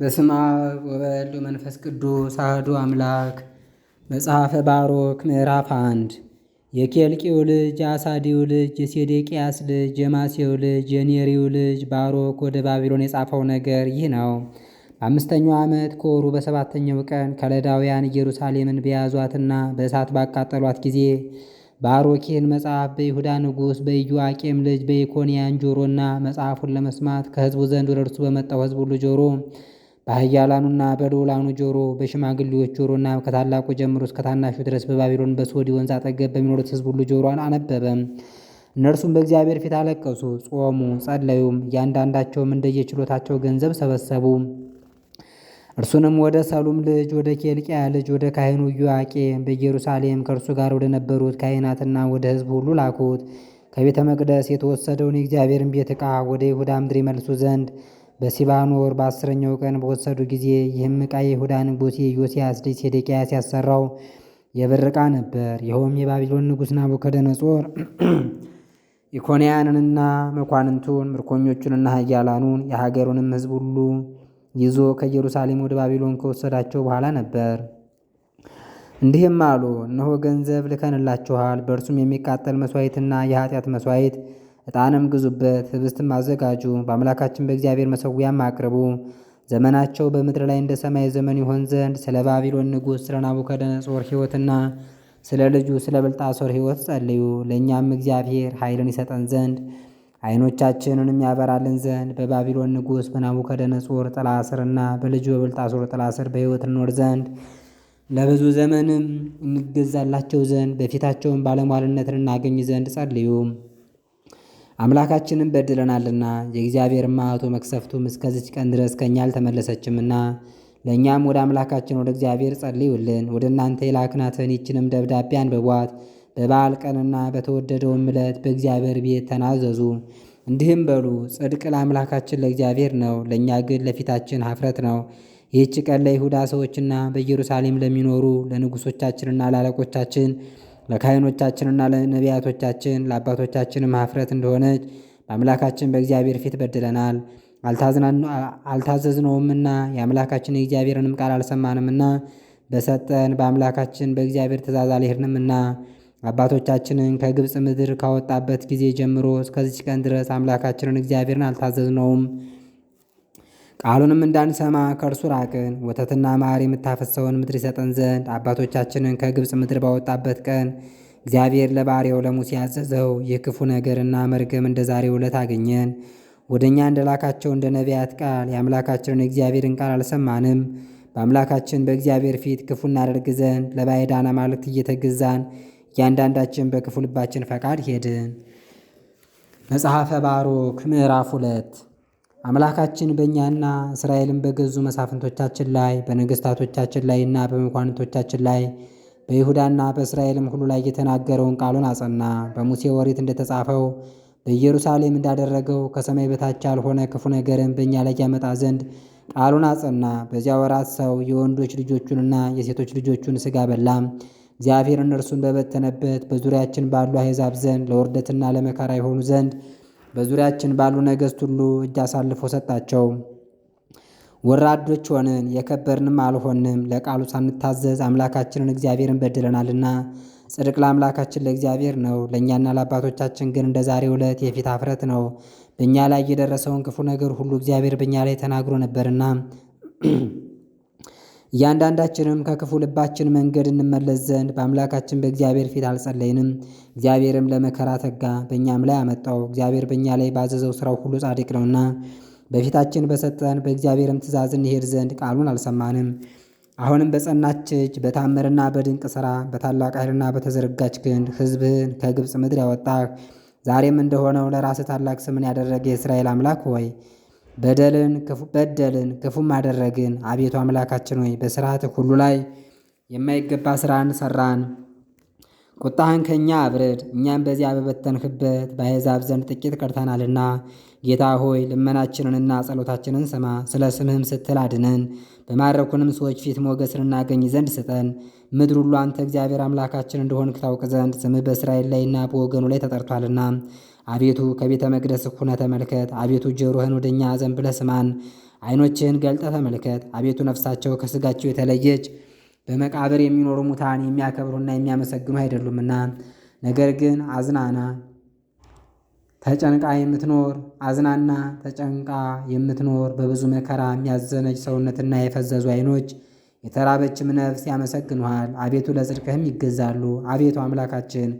በስመ አብ ወወልድ ወመንፈስ ቅዱስ አሐዱ አምላክ። መጽሐፈ ባሮክ ምዕራፍ አንድ የኬልቂው ልጅ የአሳዲው ልጅ የሴዴቅያስ ልጅ የማሴው ልጅ የኔሪው ልጅ ባሮክ ወደ ባቢሎን የጻፈው ነገር ይህ ነው። በአምስተኛው ዓመት ከወሩ በሰባተኛው ቀን ከለዳውያን ኢየሩሳሌምን በያዟትና በእሳት ባቃጠሏት ጊዜ ባሮክ ይህን መጽሐፍ በይሁዳ ንጉሥ በኢዮአቄም ልጅ በኢኮንያን ጆሮና መጽሐፉን ለመስማት ከሕዝቡ ዘንድ ወደ እርሱ በመጣው ሕዝብ ሁሉ ጆሮ በኃያላኑና በልዑላኑ ጆሮ በሽማግሌዎች ጆሮና ከታላቁ ጀምሮ እስከ ታናሹ ድረስ በባቢሎን በሶዲ ወንዝ አጠገብ በሚኖሩት ሕዝብ ሁሉ ጆሮን አነበበ። እነርሱም በእግዚአብሔር ፊት አለቀሱ፣ ጾሙ፣ ጸለዩም። እያንዳንዳቸውም እንደየችሎታቸው ገንዘብ ሰበሰቡ። እርሱንም ወደ ሰሉም ልጅ ወደ ኬልቅያ ልጅ ወደ ካህኑ ዩዋቄ በኢየሩሳሌም ከእርሱ ጋር ወደ ነበሩት ካህናትና ወደ ሕዝብ ሁሉ ላኩት። ከቤተ መቅደስ የተወሰደውን የእግዚአብሔርን ቤት ዕቃ ወደ ይሁዳ ምድር ይመልሱ ዘንድ በሲባን ወር በአስረኛው ቀን በወሰዱ ጊዜ ይህም ዕቃ የይሁዳ ንጉሥ የኢዮስያስ ልጅ ሴዴቅያስ ያሰራው የብር ዕቃ ነበር። ይኸውም የባቢሎን ንጉሥ ናቡከደነጾር ኢኮንያንንና መኳንንቱን ምርኮኞቹንና ኃያላኑን የሀገሩንም ሕዝብ ሁሉ ይዞ ከኢየሩሳሌም ወደ ባቢሎን ከወሰዳቸው በኋላ ነበር። እንዲህም አሉ፣ እነሆ ገንዘብ ልከንላችኋል። በእርሱም የሚቃጠል መሥዋዕትና የኃጢአት መሥዋዕት ዕጣንም ግዙበት፣ ህብስትም አዘጋጁ፣ በአምላካችን በእግዚአብሔር መሰዊያም አቅርቡ። ዘመናቸው በምድር ላይ እንደ ሰማይ ዘመን ይሆን ዘንድ ስለ ባቢሎን ንጉሥ ስለ ናቡከደነጾር ሕይወትና ስለ ልጁ ስለ ብልጣሶር ሕይወት ጸልዩ። ለእኛም እግዚአብሔር ኃይልን ይሰጠን ዘንድ ዓይኖቻችንንም ያበራልን ዘንድ በባቢሎን ንጉሥ በናቡከደነጾር ጥላ ስርና በልጁ በብልጣሶር ጥላ ስር በሕይወት እንኖር ዘንድ ለብዙ ዘመንም እንገዛላቸው ዘንድ በፊታቸውን ባለሟልነትን እናገኝ ዘንድ ጸልዩ። አምላካችንን በድለናልና የእግዚአብሔር መዓቱ መቅሰፍቱም እስከዚች ቀን ድረስ ከእኛ አልተመለሰችምና ለእኛም ወደ አምላካችን ወደ እግዚአብሔር ጸልዩልን። ወደ እናንተ የላክናትን ይችንም ደብዳቤ አንብቧት። በበዓል ቀንና በተወደደውም ዕለት በእግዚአብሔር ቤት ተናዘዙ፣ እንዲህም በሉ ጽድቅ ለአምላካችን ለእግዚአብሔር ነው፣ ለእኛ ግን ለፊታችን ሀፍረት ነው። ይህች ቀን ለይሁዳ ሰዎችና በኢየሩሳሌም ለሚኖሩ ለንጉሶቻችንና ለአለቆቻችን ለካህኖቻችንና ለነቢያቶቻችን ለአባቶቻችንም ኀፍረት እንደሆነች በአምላካችን በእግዚአብሔር ፊት በድለናል፣ አልታዘዝነውምና የአምላካችን የእግዚአብሔርንም ቃል አልሰማንምና በሰጠን በአምላካችን በእግዚአብሔር ትእዛዝ አልሄድንምና አባቶቻችንን ከግብፅ ምድር ካወጣበት ጊዜ ጀምሮ እስከዚች ቀን ድረስ አምላካችንን እግዚአብሔርን አልታዘዝነውም። ቃሉንም እንዳንሰማ ከእርሱ ራቅን። ወተትና ማር የምታፈሰውን ምድር ይሰጠን ዘንድ አባቶቻችንን ከግብፅ ምድር ባወጣበት ቀን እግዚአብሔር ለባሪያው ለሙሴ ያዘዘው ይህ ክፉ ነገርና መርገም እንደ ዛሬ ዕለት አገኘን። ወደ እኛ እንደ ላካቸው እንደ ነቢያት ቃል የአምላካችንን እግዚአብሔርን ቃል አልሰማንም። በአምላካችን በእግዚአብሔር ፊት ክፉ እናደርግ ዘንድ ለባዕዳን አማልክት እየተገዛን እያንዳንዳችን በክፉ ልባችን ፈቃድ ሄድን። መጽሐፈ ባሮክ ምዕራፍ ሁለት አምላካችን በእኛና እስራኤልን በገዙ መሳፍንቶቻችን ላይ ላይ እና በመኳንቶቻችን ላይ በይሁዳና በእስራኤልም ሁሉ ላይ የተናገረውን ቃሉን አጸና። በሙሴ ወሬት እንደተጻፈው በኢየሩሳሌም እንዳደረገው ከሰማይ በታች ያልሆነ ክፉ ነገርን በእኛ ላይ ያመጣ ዘንድ ቃሉን አጸና። በዚያ ወራት ሰው የወንዶች ልጆቹንና የሴቶች ልጆቹን ሥጋ በላ። እግዚአብሔር እነርሱን በበተነበት በዙሪያችን ባሉ አሕዛብ ዘንድ ለውርደትና ለመከራ የሆኑ ዘንድ በዙሪያችን ባሉ ነገሥት ሁሉ እጅ አሳልፎ ሰጣቸው። ወራዶች ሆንን፣ የከበርንም አልሆንም። ለቃሉ ሳንታዘዝ አምላካችንን እግዚአብሔርን በድለናልና። ጽድቅ ለአምላካችን ለእግዚአብሔር ነው፣ ለእኛና ለአባቶቻችን ግን እንደ ዛሬ ዕለት የፊት አፍረት ነው። በእኛ ላይ የደረሰውን ክፉ ነገር ሁሉ እግዚአብሔር በእኛ ላይ ተናግሮ ነበርና እያንዳንዳችንም ከክፉ ልባችን መንገድ እንመለስ ዘንድ በአምላካችን በእግዚአብሔር ፊት አልጸለይንም። እግዚአብሔርም ለመከራ ተጋ፣ በእኛም ላይ አመጣው። እግዚአብሔር በእኛ ላይ ባዘዘው ሥራው ሁሉ ጻድቅ ነውና በፊታችን በሰጠን በእግዚአብሔርም ትእዛዝ እንሄድ ዘንድ ቃሉን አልሰማንም። አሁንም በጸናች እጅ በታምርና በድንቅ ሥራ በታላቅ ኃይልና በተዘረጋች ክንድ ሕዝብህን ከግብፅ ምድር ያወጣህ ዛሬም እንደሆነው ለራስህ ታላቅ ስምን ያደረገ የእስራኤል አምላክ ሆይ በደልን ክፉ በደልን ክፉም አደረግን። አቤቱ አምላካችን ሆይ በስርዓትህ ሁሉ ላይ የማይገባ ስራን ሰራን። ቁጣህን ከእኛ አብርድ፣ እኛም በዚያ በበተንህበት በአሕዛብ ዘንድ ጥቂት ቀርተናልና። ጌታ ሆይ ልመናችንንና ጸሎታችንን ስማ፣ ስለ ስምህም ስትል አድነን። በማረኩንም ሰዎች ፊት ሞገስን እናገኝ ዘንድ ስጠን። ምድር ሁሉ አንተ እግዚአብሔር አምላካችን እንደሆንክ ታውቅ ዘንድ ስምህ በእስራኤል ላይና በወገኑ ላይ ተጠርቷልና አቤቱ ከቤተ መቅደስ ሁነ ተመልከት። አቤቱ ጆሮህን ወደ እኛ ዘን ስማን። ዓይኖችህን ገልጠ ተመልከት። አቤቱ ነፍሳቸው ከስጋቸው የተለየች በመቃብር የሚኖሩ ሙታን የሚያከብሩና የሚያመሰግኑ አይደሉምና ነገር ግን አዝናና ተጨንቃ የምትኖር አዝናና ተጨንቃ የምትኖር በብዙ መከራ የሚያዘነጅ ሰውነትና የፈዘዙ ዓይኖች የተራበችም ነፍስ ያመሰግኑሃል። አቤቱ ለጽድቅህም ይገዛሉ። አቤቱ አምላካችን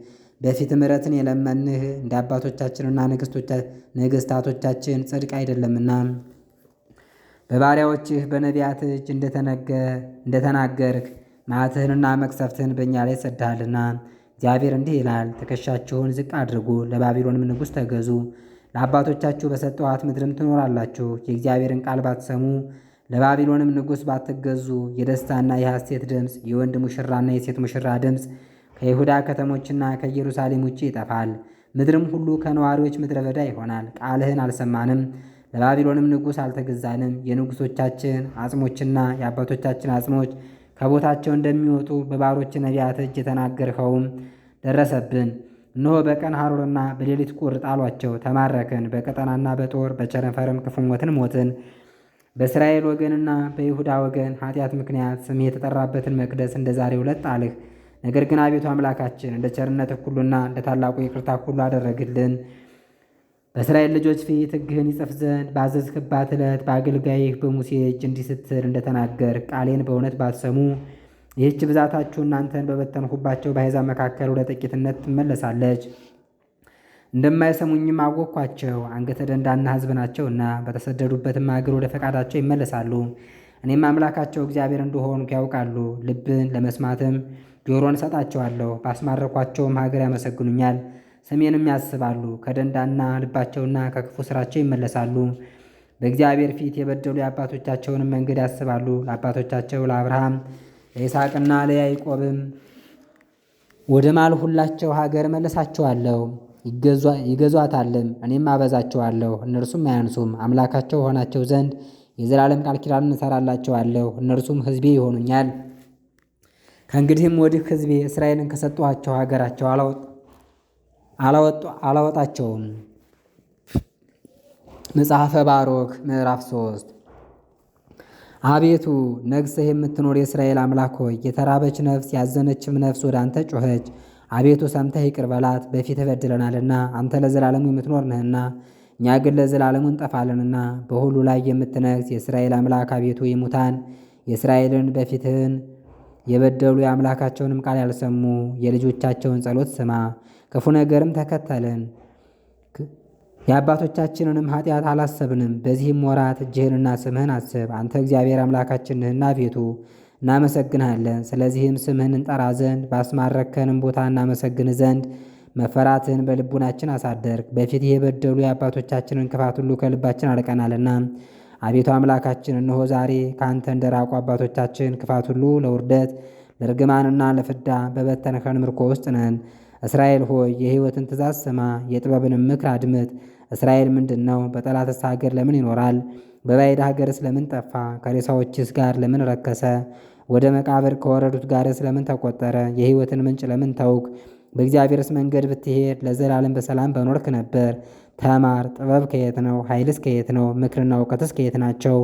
በፊት ምሕረትን የለመንህ እንደ አባቶቻችንና ነገሥታቶቻችን ጽድቅ አይደለምና በባሪያዎችህ በነቢያት እጅ እንደተናገርክ መዓትህንና መቅሰፍትህን በእኛ ላይ ሰድሃልና። እግዚአብሔር እንዲህ ይላል፣ ትከሻችሁን ዝቅ አድርጉ፣ ለባቢሎንም ንጉሥ ተገዙ፣ ለአባቶቻችሁ በሰጠኋት ምድርም ትኖራላችሁ። የእግዚአብሔርን ቃል ባትሰሙ፣ ለባቢሎንም ንጉሥ ባትገዙ፣ የደስታና የሐሴት ድምፅ፣ የወንድ ሙሽራና የሴት ሙሽራ ድምፅ ከይሁዳ ከተሞችና ከኢየሩሳሌም ውጭ ይጠፋል። ምድርም ሁሉ ከነዋሪዎች ምድረ በዳ ይሆናል። ቃልህን አልሰማንም፣ ለባቢሎንም ንጉሥ አልተገዛንም። የንጉሶቻችን አጽሞችና የአባቶቻችን አጽሞች ከቦታቸው እንደሚወጡ በባሮች ነቢያት እጅ የተናገርኸውም ደረሰብን። እነሆ በቀን ሐሩርና በሌሊት ቁር ጣሏቸው። ተማረክን፣ በቀጠናና በጦር በቸነፈርም ክፉ ሞትን ሞትን። በእስራኤል ወገንና በይሁዳ ወገን ኃጢአት ምክንያት ስም የተጠራበትን መቅደስ እንደ ዛሬ ሁለት ጣልህ። ነገር ግን አቤቱ አምላካችን እንደ ቸርነት ሁሉና እንደ ታላቁ ይቅርታ ሁሉ አደረግልን። በእስራኤል ልጆች ፊት ሕግህን ይጽፍ ዘንድ ባዘዝክባት ዕለት በአገልጋይህ በሙሴ እጅ እንዲህ እንደተናገር ቃሌን በእውነት ባትሰሙ ይህች ብዛታችሁ እናንተን በበተንሁባቸው በአሕዛብ መካከል ወደ ጥቂትነት ትመለሳለች። እንደማይሰሙኝም አወቅኳቸው። አንገተ ደንዳና ሕዝብ ናቸውና በተሰደዱበትም አገር ወደ ፈቃዳቸው ይመለሳሉ። እኔም አምላካቸው እግዚአብሔር እንደሆንኩ ያውቃሉ። ልብን ለመስማትም ጆሮን እሰጣቸዋለሁ፣ ባስማረኳቸውም ሀገር ያመሰግኑኛል፣ ስሜንም ያስባሉ። ከደንዳና ልባቸውና ከክፉ ስራቸው ይመለሳሉ። በእግዚአብሔር ፊት የበደሉ የአባቶቻቸውንም መንገድ ያስባሉ። ለአባቶቻቸው ለአብርሃም ለይስሐቅና ለያዕቆብም ወደ ማልሁላቸው ሀገር መለሳቸዋለሁ። ይገዟታልም፣ እኔም አበዛቸዋለሁ፣ እነርሱም አያንሱም። አምላካቸው ሆናቸው ዘንድ የዘላለም ቃል ኪዳን እንሰራላቸዋለሁ፣ እነርሱም ሕዝቤ ይሆኑኛል። ከእንግዲህም ወዲህ ሕዝቤ እስራኤልን ከሰጠኋቸው ሀገራቸው አላወጣቸውም። መጽሐፈ ባሮክ ምዕራፍ ሶስት አቤቱ ነግሰህ የምትኖር የእስራኤል አምላክ ሆይ የተራበች ነፍስ ያዘነችም ነፍስ ወደ አንተ ጮኸች። አቤቱ ሰምተህ ይቅር በላት፣ በፊት በድለናልና አንተ ለዘላለሙ የምትኖር ነህና እኛ ግን ለዘላለሙ እንጠፋለንና። በሁሉ ላይ የምትነግስ የእስራኤል አምላክ አቤቱ የሙታን የእስራኤልን በፊትህን የበደሉ የአምላካቸውንም ቃል ያልሰሙ የልጆቻቸውን ጸሎት ስማ፣ ክፉ ነገርም ተከተልን፣ የአባቶቻችንንም ኃጢአት አላሰብንም። በዚህም ወራት እጅህንና ስምህን አስብ፣ አንተ እግዚአብሔር አምላካችን ነህና ቤቱ እናመሰግንሃለን። ስለዚህም ስምህን እንጠራ ዘንድ ባስማረከንም ቦታ እናመሰግን ዘንድ መፈራትን በልቡናችን አሳደርግ። በፊት የበደሉ የአባቶቻችንን ክፋት ሁሉ ከልባችን አርቀናልና አቤቱ አምላካችን እነሆ ዛሬ ከአንተ እንደ ራቁ አባቶቻችን ክፋት ሁሉ ለውርደት ለርግማንና ለፍዳ በበተንከን ምርኮ ውስጥ ነን። እስራኤል ሆይ የሕይወትን ትእዛዝ ስማ፣ የጥበብንም ምክር አድምጥ። እስራኤል ምንድን ነው? በጠላትስ ሀገር ለምን ይኖራል? በባዕድ ሀገርስ ለምን ጠፋ? ከሬሳዎችስ ጋር ለምን ረከሰ? ወደ መቃብር ከወረዱት ጋርስ ለምን ተቆጠረ? የሕይወትን ምንጭ ለምን ተውክ? በእግዚአብሔርስ መንገድ ብትሄድ ለዘላለም በሰላም በኖርክ ነበር። ተማር። ጥበብ ከየት ነው? ኃይልስ ከየት ነው? ምክርና እውቀትስ ከየት ናቸው?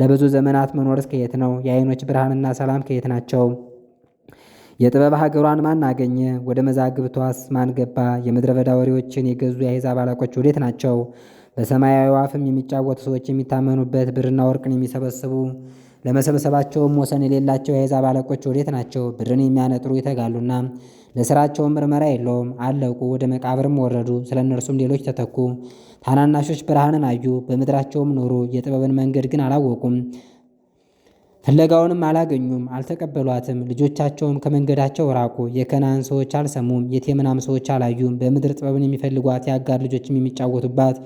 ለብዙ ዘመናት መኖርስ ከየት ነው? የአይኖች ብርሃንና ሰላም ከየት ናቸው? የጥበብ ሀገሯን ማን አገኘ? ወደ መዛግብቷስ ማን ገባ? የምድረ በዳ ወሬዎችን የገዙ የአሕዛብ አለቆች ወዴት ናቸው? በሰማያዊ አፍም የሚጫወቱ ሰዎች የሚታመኑበት ብርና ወርቅን የሚሰበስቡ ለመሰብሰባቸውም ወሰን የሌላቸው የአሕዛብ አለቆች ወዴት ናቸው? ብርን የሚያነጥሩ ይተጋሉና ለሥራቸውም ምርመራ የለውም። አለቁ፣ ወደ መቃብርም ወረዱ። ስለ እነርሱም ሌሎች ተተኩ። ታናናሾች ብርሃንን አዩ፣ በምድራቸውም ኖሩ። የጥበብን መንገድ ግን አላወቁም፣ ፍለጋውንም አላገኙም፣ አልተቀበሏትም። ልጆቻቸውም ከመንገዳቸው ራቁ። የከናን ሰዎች አልሰሙም፣ የቴምናም ሰዎች አላዩም። በምድር ጥበብን የሚፈልጓት የአጋር ልጆችም የሚጫወቱባት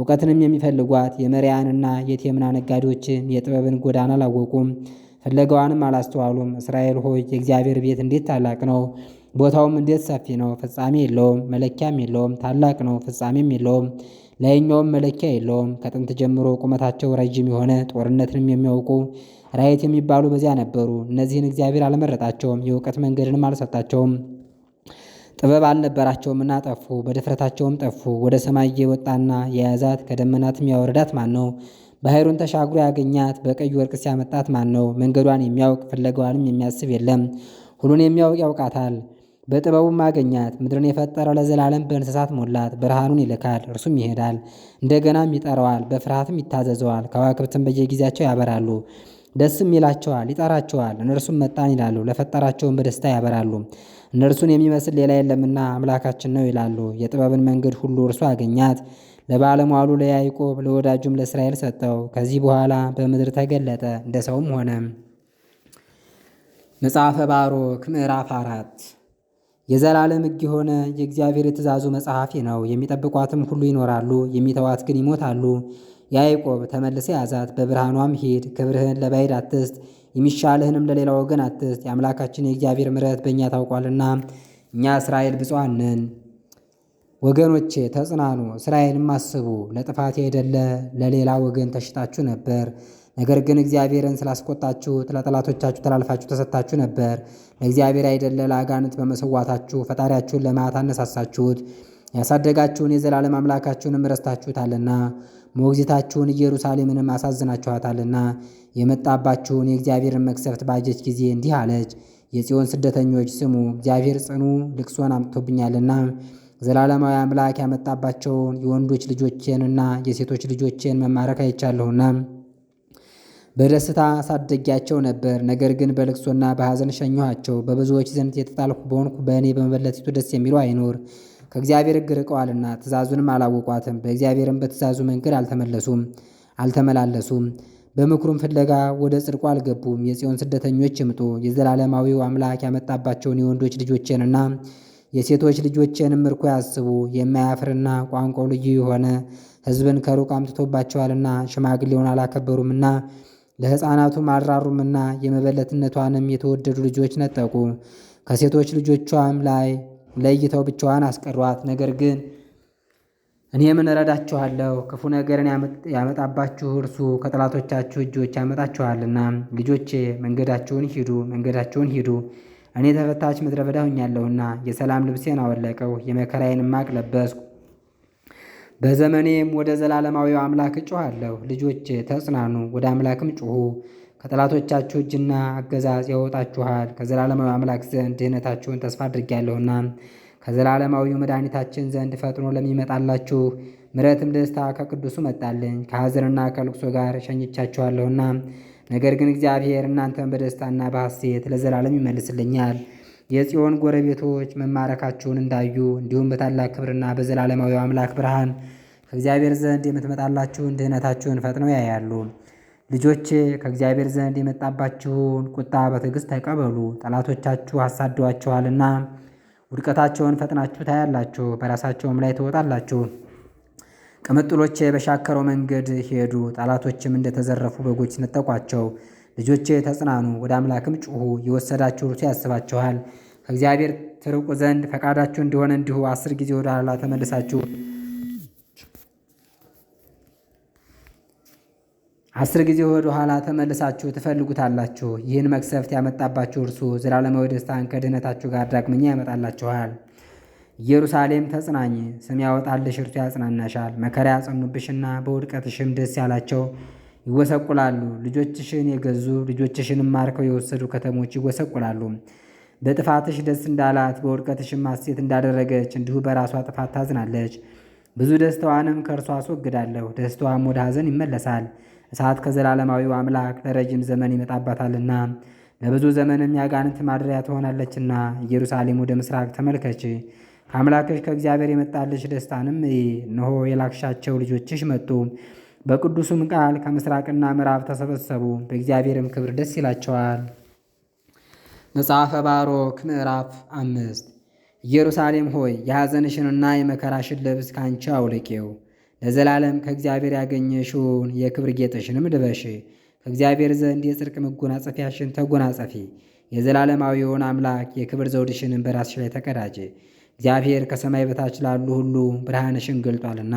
እውቀትንም የሚፈልጓት የመርያንና የቴምና ነጋዴዎችን የጥበብን ጎዳና አላወቁም፣ ፍለጋዋንም አላስተዋሉም። እስራኤል ሆይ የእግዚአብሔር ቤት እንዴት ታላቅ ነው! ቦታውም እንዴት ሰፊ ነው! ፍጻሜ የለውም፣ መለኪያም የለውም። ታላቅ ነው፣ ፍጻሜም የለውም፣ ላይኛውም መለኪያ የለውም። ከጥንት ጀምሮ ቁመታቸው ረዥም የሆነ ጦርነትንም የሚያውቁ ራየት የሚባሉ በዚያ ነበሩ። እነዚህን እግዚአብሔር አልመረጣቸውም፣ የእውቀት መንገድንም አልሰጣቸውም። ጥበብ አልነበራቸውምና ጠፉ፣ በድፍረታቸውም ጠፉ። ወደ ሰማይ እየወጣና የያዛት ከደመናትም ያወረዳት ማን ነው? ባሕሩን ተሻግሮ ያገኛት በቀይ ወርቅ ሲያመጣት ማን ነው? መንገዷን የሚያውቅ ፍለጋዋንም የሚያስብ የለም። ሁሉን የሚያውቅ ያውቃታል፣ በጥበቡም አገኛት። ምድርን የፈጠረ ለዘላለም በእንስሳት ሞላት። ብርሃኑን ይልካል፣ እርሱም ይሄዳል፣ እንደገናም ይጠራዋል፣ በፍርሃትም ይታዘዘዋል። ከዋክብትም በየጊዜያቸው ያበራሉ፣ ደስም ይላቸዋል፣ ይጠራቸዋል። እነርሱም መጣን ይላሉ፣ ለፈጠራቸውን በደስታ ያበራሉ። እነርሱን የሚመስል ሌላ የለምና አምላካችን ነው ይላሉ። የጥበብን መንገድ ሁሉ እርሱ አገኛት። ለባለሟሉ ለያይቆብ ለወዳጁም ለእስራኤል ሰጠው። ከዚህ በኋላ በምድር ተገለጠ፣ እንደ ሰውም ሆነ። መጽሐፈ ባሮክ ምዕራፍ አራት የዘላለም ሕግ የሆነ የእግዚአብሔር የትእዛዙ መጽሐፊ ነው። የሚጠብቋትም ሁሉ ይኖራሉ፣ የሚተዋት ግን ይሞታሉ። ያይቆብ ተመልሰ ያዛት፣ በብርሃኗም ሂድ፣ ክብርህን ለባዕድ አትስጥ የሚሻልህንም ለሌላ ወገን አትስት የአምላካችን የእግዚአብሔር ምረት በእኛ ታውቋልና እኛ እስራኤል ብፁዓን ነን። ወገኖቼ ተጽናኑ፣ እስራኤልም አስቡ። ለጥፋት አይደለ ለሌላ ወገን ተሽጣችሁ ነበር። ነገር ግን እግዚአብሔርን ስላስቆጣችሁት ለጠላቶቻችሁ ተላልፋችሁ ተሰጥታችሁ ነበር። ለእግዚአብሔር አይደለ ለአጋንንት በመሰዋታችሁ ፈጣሪያችሁን ለማያት አነሳሳችሁት። ያሳደጋችሁን የዘላለም አምላካችሁንም ረስታችሁታልና ሞግዚታችሁን ኢየሩሳሌምንም አሳዝናችኋታልና የመጣባችሁን የእግዚአብሔርን መቅሰፍት ባየች ጊዜ እንዲህ አለች፣ የጽዮን ስደተኞች ስሙ፣ እግዚአብሔር ጽኑ ልቅሶን አምጥቶብኛልና ዘላለማዊ አምላክ ያመጣባቸውን የወንዶች ልጆቼንና የሴቶች ልጆቼን መማረክ አይቻለሁና በደስታ አሳደጊያቸው ነበር። ነገር ግን በልቅሶና በሐዘን ሸኘኋቸው። በብዙዎች ዘንድ የተጣልኩ በሆንኩ በእኔ በመበለቲቱ ደስ የሚለው አይኖር። ከእግዚአብሔር ሕግ ርቀዋልና ትእዛዙንም አላወቋትም። በእግዚአብሔርም በትእዛዙ መንገድ አልተመለሱም አልተመላለሱም። በምክሩም ፍለጋ ወደ ጽድቁ አልገቡም። የጽዮን ስደተኞች ይምጡ። የዘላለማዊው አምላክ ያመጣባቸውን የወንዶች ልጆቼንና የሴቶች ልጆቼንም ምርኮ ያስቡ። የማያፍርና ቋንቋው ልዩ የሆነ ሕዝብን ከሩቅ አምጥቶባቸዋልና ሽማግሌውን አላከበሩምና ለሕፃናቱም አልራሩምና የመበለትነቷንም የተወደዱ ልጆች ነጠቁ ከሴቶች ልጆቿም ላይ ለይተው ብቻዋን አስቀሯት። ነገር ግን እኔ ምን እረዳችኋለሁ? ክፉ ነገርን ያመጣባችሁ እርሱ ከጠላቶቻችሁ እጆች ያመጣችኋልና። ልጆቼ መንገዳችሁን ሂዱ፣ መንገዳችሁን ሂዱ። እኔ ተፈታች ምድረ በዳ ሆኛለሁና የሰላም ልብሴን አወለቀው፣ የመከራዬን ማቅ ለበስኩ። በዘመኔም ወደ ዘላለማዊው አምላክ እጮኋለሁ። ልጆቼ ተጽናኑ፣ ወደ አምላክም ጩኹ። ከጠላቶቻችሁ እጅና አገዛዝ ያወጣችኋል። ከዘላለማዊ አምላክ ዘንድ ድህነታችሁን ተስፋ አድርጌያለሁና ከዘላለማዊው መድኃኒታችን ዘንድ ፈጥኖ ለሚመጣላችሁ ምረትም ደስታ ከቅዱሱ መጣልኝ ከሐዘንና ከልቅሶ ጋር ሸኝቻችኋለሁና ነገር ግን እግዚአብሔር እናንተን በደስታና በሐሴት ለዘላለም ይመልስልኛል። የጽዮን ጎረቤቶች መማረካችሁን እንዳዩ እንዲሁም በታላቅ ክብርና በዘላለማዊ አምላክ ብርሃን ከእግዚአብሔር ዘንድ የምትመጣላችሁን ድህነታችሁን ፈጥነው ያያሉ። ልጆች ከእግዚአብሔር ዘንድ የመጣባችሁን ቁጣ በትዕግሥት ተቀበሉ። ጠላቶቻችሁ አሳደዋችኋልና ውድቀታቸውን ፈጥናችሁ ታያላችሁ፣ በራሳቸውም ላይ ትወጣላችሁ። ቅምጥሎቼ በሻከረው መንገድ ሄዱ፣ ጠላቶችም እንደተዘረፉ በጎች ነጠቋቸው። ልጆቼ ተጽናኑ፣ ወደ አምላክም ጩኹ፣ የወሰዳችሁ እርሱ ያስባችኋል። ከእግዚአብሔር ትርቁ ዘንድ ፈቃዳችሁ እንደሆነ እንዲሁ አስር ጊዜ ወደ ኋላ ተመልሳችሁ አስር ጊዜ ወደ ኋላ ተመልሳችሁ ትፈልጉታላችሁ። ይህን መቅሰፍት ያመጣባችሁ እርሱ ዘላለማዊ ደስታን ከድህነታችሁ ጋር ዳግመኛ ያመጣላችኋል። ኢየሩሳሌም ተጽናኝ፣ ስም ያወጣልሽ እርሱ ያጽናናሻል። መከራ ያጸኑብሽና በውድቀትሽም ደስ ያላቸው ይወሰቁላሉ። ልጆችሽን የገዙ ልጆችሽንም ማርከው የወሰዱ ከተሞች ይወሰቁላሉ። በጥፋትሽ ደስ እንዳላት በውድቀትሽም ሐሴት እንዳደረገች እንዲሁ በራሷ ጥፋት ታዝናለች። ብዙ ደስታዋንም ከእርሷ አስወግዳለሁ፣ ደስታዋም ወደ ሐዘን ይመለሳል። እሳት ከዘላለማዊው አምላክ ለረጅም ዘመን ይመጣባታልና ለብዙ ዘመንም የሚያጋንት ማደሪያ ትሆናለችና ኢየሩሳሌም ወደ ምስራቅ ተመልከች፣ ከአምላክሽ ከእግዚአብሔር የመጣልሽ ደስታንም እንሆ የላክሻቸው ልጆችሽ መጡ። በቅዱሱም ቃል ከምስራቅና ምዕራብ ተሰበሰቡ፣ በእግዚአብሔርም ክብር ደስ ይላቸዋል። መጽሐፈ ባሮክ ምዕራፍ አምስት ኢየሩሳሌም ሆይ የሐዘንሽንና የመከራሽን ልብስ ከአንቺ አውልቄው ለዘላለም ከእግዚአብሔር ያገኘሽውን የክብር ጌጥሽንም ልበሽ። ከእግዚአብሔር ዘንድ የጽድቅ መጎናጸፊያሽን ተጎናጸፊ። የዘላለማዊውን አምላክ የክብር ዘውድሽንም በራስሽ ላይ ተቀዳጅ። እግዚአብሔር ከሰማይ በታች ላሉ ሁሉ ብርሃንሽን ገልጧልና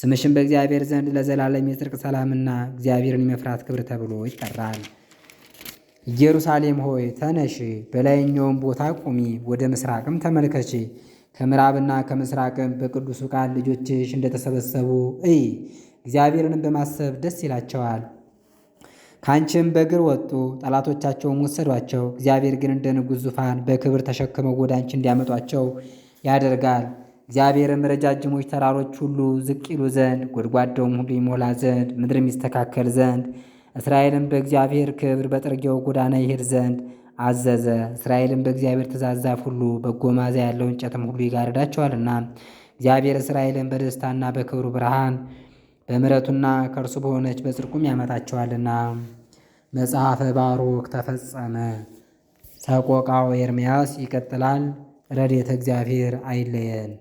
ስምሽን በእግዚአብሔር ዘንድ ለዘላለም የጽድቅ ሰላምና እግዚአብሔርን የመፍራት ክብር ተብሎ ይጠራል። ኢየሩሳሌም ሆይ ተነሺ፣ በላይኛውም ቦታ ቁሚ፣ ወደ ምስራቅም ተመልከቺ። ከምዕራብና ከምስራቅም በቅዱሱ ቃል ልጆችሽ እንደተሰበሰቡ እይ። እግዚአብሔርንም በማሰብ ደስ ይላቸዋል። ከአንቺም በእግር ወጡ፣ ጠላቶቻቸውም ወሰዷቸው። እግዚአብሔር ግን እንደ ንጉሥ ዙፋን በክብር ተሸክመው ወደ አንቺ እንዲያመጧቸው ያደርጋል። እግዚአብሔርም ረጃጅሞች ተራሮች ሁሉ ዝቅ ይሉ ዘንድ ጎድጓዳውም ሁሉ ይሞላ ዘንድ ምድርም ይስተካከል ዘንድ እስራኤልም በእግዚአብሔር ክብር በጥርጌው ጎዳና ይሄድ ዘንድ አዘዘ። እስራኤልም በእግዚአብሔር ትእዛዝ ዛፍ ሁሉ በጎ መዓዛ ያለው እንጨትም ሁሉ ይጋርዳቸዋልና እግዚአብሔር እስራኤልን በደስታና በክብሩ ብርሃን በምረቱና ከእርሱ በሆነች በጽድቁም ያመጣቸዋልና። መጽሐፈ ባሮክ ተፈጸመ። ሰቆቃው ኤርምያስ ይቀጥላል። ረድኤተ እግዚአብሔር አይለየን።